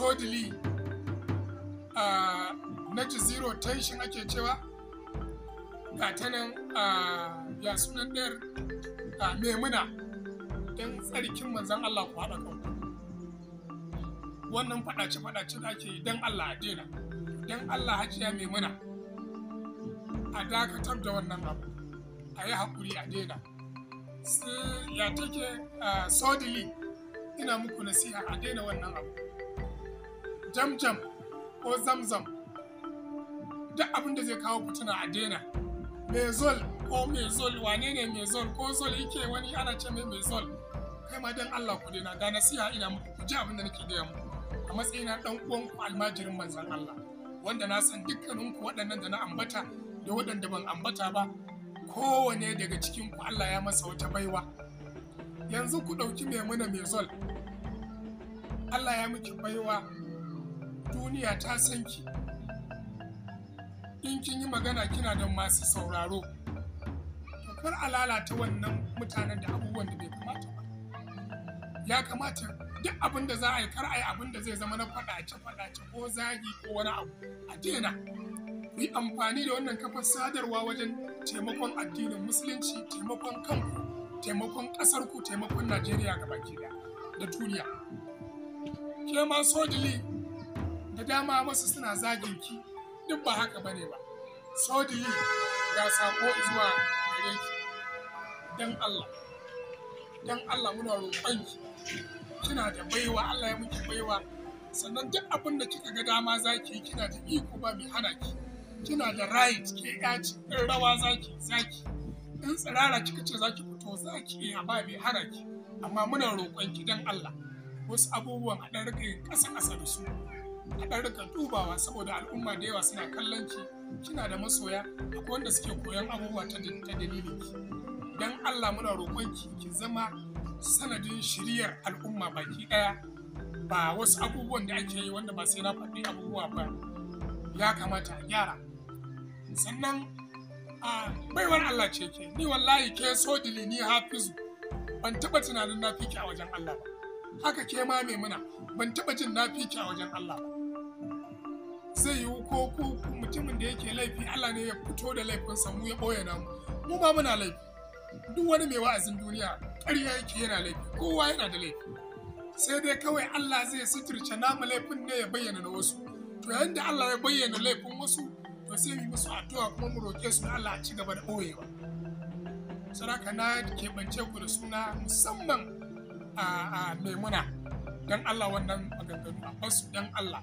totally a ah, net zero tension ake cewa ga ta nan ah, ya sunan ɗayar ah, memuna don tsarkin manzan Allah ku haɗa kanku wannan faɗace-faɗace da ake yi don Allah a daina don Allah hajiya memuna a dakatar da wannan abu a yi haƙuri a daina ya take sodili ina muku nasiha a daina wannan abu jamjam ko zamzam duk abin da zai kawo fitina a daina mezol ko mezol wane ne mezol ko zol yake wani ana ce mai mezol kai ma dan Allah ku daina da nasiha ina muku ku ji abin da nake gaya muku a matsayina dan uwan ku almajirin manzon Allah wanda na san dukkanin ku waɗannan da na ambata da waɗanda ban ambata ba kowane daga cikin ku Allah ya masa wata baiwa yanzu ku ɗauki maimuna mezol Allah ya miki baiwa duniya ta san ki in kin yi magana kina da masu sauraro kar a lalata wannan mutanen da abubuwan da bai kamata ba ya kamata duk abin da za a yi kar a yi abin da zai zama na faɗace faɗace ko zagi ko wani abu a daina yi amfani da wannan kafar sadarwa wajen taimakon addinin musulunci taimakon kanku taimakon ƙasarku taimakon najeriya gaba da duniya ke ma sojili da dama wasu suna zagin ki duk ba haka bane ba saudi ga sako zuwa gare ki dan Allah dan Allah muna roƙon ki kina da baiwa Allah ya muke baiwa sannan duk abin da kika ga dama zaki yi kina da iko ba mai hana ki kina da right ke yaci in rawa zaki zaki in tsirara kika ce zaki fito zaki yi ba mai hana ki amma muna roƙon ki dan Allah wasu abubuwan a ɗan rike ƙasa ƙasa da su a ɗan rika dubawa saboda al'umma da yawa suna kallon ki kina da masoya akwai wanda suke koyon abubuwa ta dalilin ki dan Allah muna roƙon ki ki zama sanadin shiriyar al'umma baki ɗaya ba wasu abubuwan da ake yi wanda ba sai na faɗi abubuwa ba ya kamata a gyara sannan a baiwar Allah ce ke ni wallahi ke so dilini hafizu ban taɓa tunanin na fi a wajen Allah ba haka ke ma maimuna ban taba jin na fi a wajen Allah zai yiwu ko ku mutumin da yake laifi Allah ne ya fito da laifinsa mu ya ɓoye namu mu ba muna laifi duk wani mai wa'azin duniya ƙarya yake yana laifi kowa yana da laifi sai dai kawai Allah zai suturce namu laifin ne ya bayyana na wasu to yanda Allah ya bayyana laifin wasu to sai mu musu addu'a kuma mu roke su Allah ci gaba da ɓoyewa saraka na keɓance ku da suna musamman a maimuna don Allah wannan maganganu a basu don Allah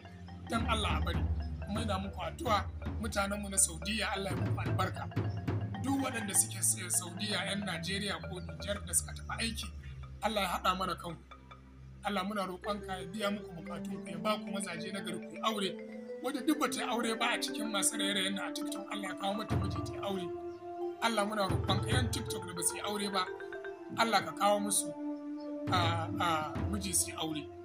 don Allah a bari kuma yana muku addu'a mutanen mu na Saudiya Allah ya muku albarka duk waɗanda suke Saudiya 'yan Najeriya ko Nijar da suka tafi aiki Allah ya haɗa mana kanku Allah muna roƙonka ya biya muku bukatu ya ba ku mazaje na gari ku aure wanda duk bata aure ba a cikin masu raye-rayen na a TikTok Allah ya kawo mata miji ta aure Allah muna roƙonka 'yan TikTok da ba su yi aure ba Allah ka kawo musu a miji su aure